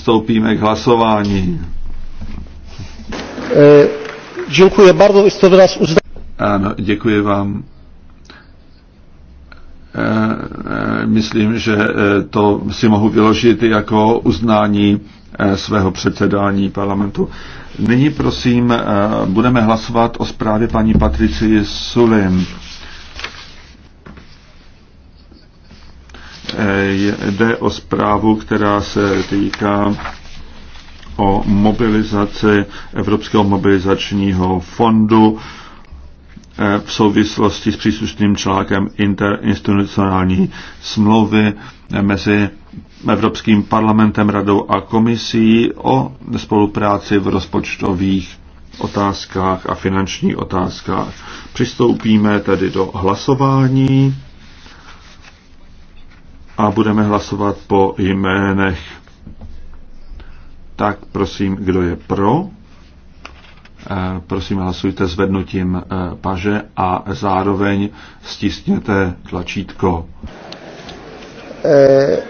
Stoupíme k hlasování. E, děkuji bardzo, to wyraz uznali. Ano, děkuji vám. E, e, myslím, že to si mohu vyložit jako uznání svého předsedání parlamentu. Nyní prosím, budeme hlasovat o zprávě paní Patricie Sulim. jde o zprávu, která se týká o mobilizaci Evropského mobilizačního fondu eh, v souvislosti s příslušným článkem interinstitucionální smlouvy eh, mezi Evropským parlamentem, radou a komisí o spolupráci v rozpočtových otázkách a finančních otázkách. Přistoupíme tedy do hlasování a budeme hlasovat po jménech. Tak prosím, kdo je pro? Eh, prosím, hlasujte zvednutím eh, paže a zároveň stisněte tlačítko. Eh,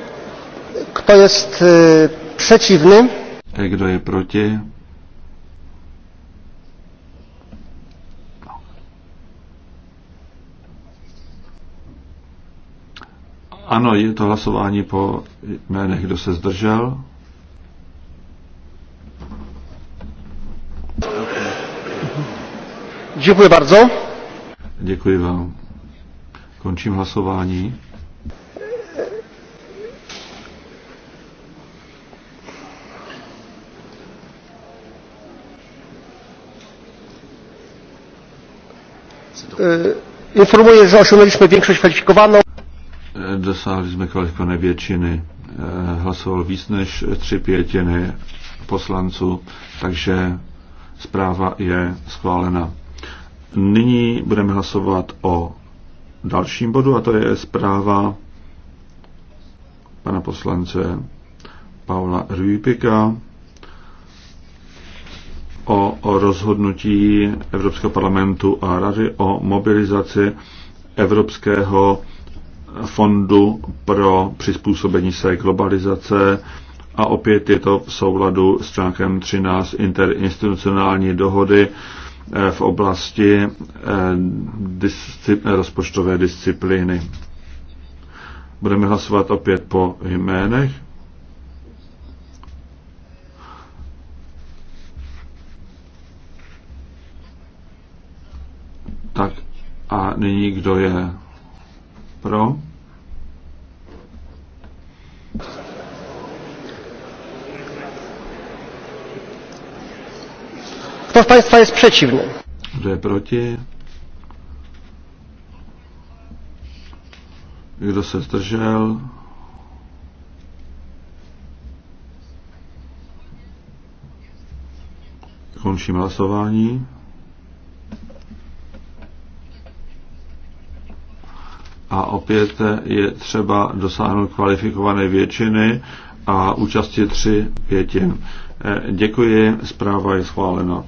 kdo je přečivný? Kdo je proti? Ano, je to hlasování po jménech, kdo se zdržel. Děkuji bardzo. Děkuji vám. Končím hlasování. E, informuję, że osiągnęliśmy większość kwalifikowaną dosáhli jsme kvalifikované většiny. Eh, hlasoval víc než tři pětiny poslanců, takže zpráva je schválena. Nyní budeme hlasovat o dalším bodu, a to je zpráva pana poslance Paula Rübika o rozhodnutí Evropského parlamentu a rady o mobilizaci Evropského fondu pro přizpůsobení se globalizace a opět je to v souladu s článkem 13 interinstitucionální dohody eh, v oblasti eh, discipl- rozpočtové disciplíny. Budeme hlasovat opět po jménech. Tak a nyní kdo je pro. Kto z Państwa jest przeciwny? Kto jest proti? Kto się zdrżał? Končím hlasování. a opět je třeba dosáhnout kvalifikované většiny a účasti tři pětin. Eh, děkuji, zpráva je schválena.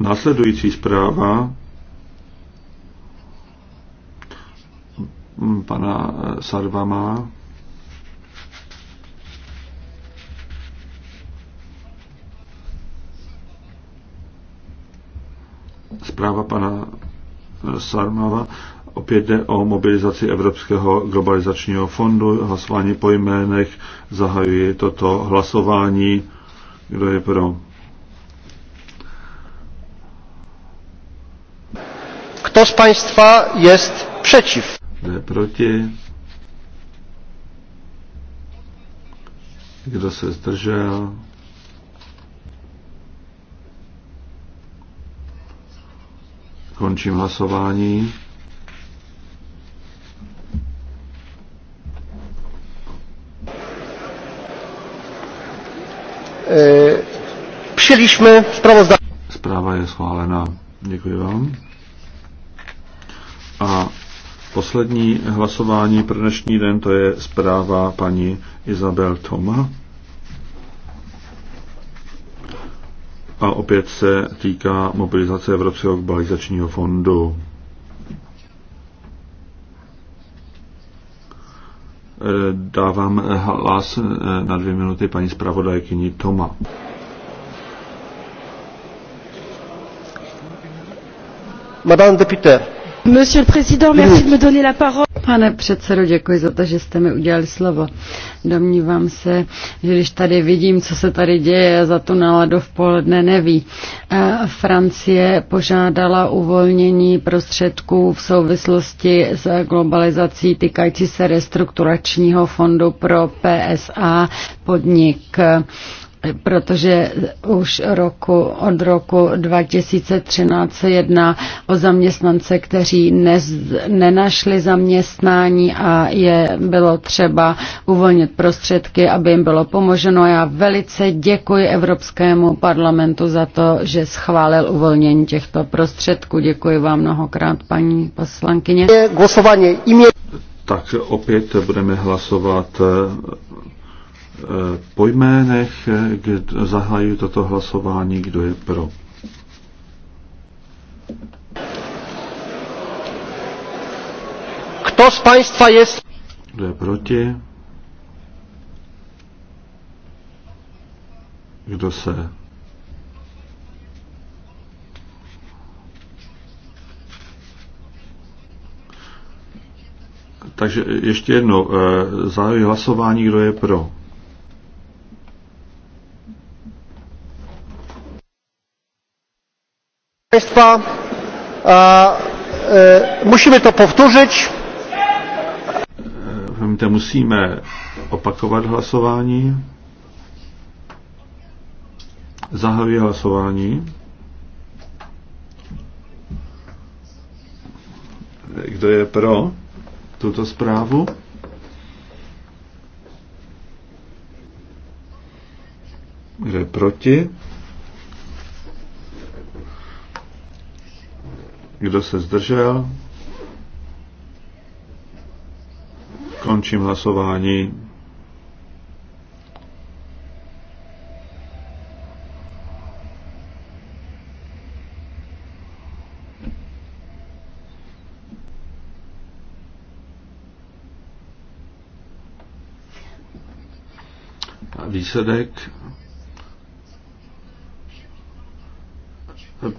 Následující zpráva pana eh, Sarvama. Zpráva pana Sarmava. Opět jde o mobilizaci Evropského globalizačního fondu. Hlasování po jménech zahajuje toto hlasování. Kdo je pro? Kdo z Państwa jest przeciw? Kdo je proti? Kdo se zdržel? Končím hlasování. Eh, přišliśmy sprawozdanie. Zpráva je schválená. Děkuji vám. A poslední hlasování pro dnešní den, to je zpráva paní Izabel Toma. a opět se týká mobilizace Evropského globalizačního fondu. Dávám hlas na dvě minuty paní zpravodajkyni Toma. Madame de Pane předsedo, děkuji za to, že jste mi udělali slovo. Domnívám se, že když tady vidím, co se tady děje, za tu náladu v poledne neví. Francie požádala uvolnění prostředků v souvislosti s globalizací týkající se restrukturačního fondu pro PSA podnik protože už roku, od roku 2013 se jedná o zaměstnance, kteří nez, nenašli zaměstnání a je bylo třeba uvolnit prostředky, aby jim bylo pomoženo. Já velice děkuji Evropskému parlamentu za to, že schválil uvolnění těchto prostředků. Děkuji vám mnohokrát, paní poslankyně. Tak opět budeme hlasovat po jménech zahájí toto hlasování, kdo je pro. Kto z Państwa jest... Kdo je proti? Kdo se Takže ještě jednou, eh, zahájí hlasování, kdo je pro. Państwa, E, musimy to powtórzyć. Promiňte, musimy opakować głosowanie. Zahajuji głosowanie. Kto jest pro tuto sprawę? Kto jest proti? Kdo se zdržel? Končím hlasování. Výsledek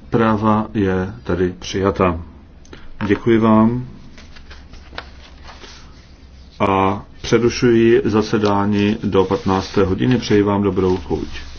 Práva je tedy přijata. Děkuji vám a přerušuji zasedání do 15. hodiny. Přeji vám dobrou chuť.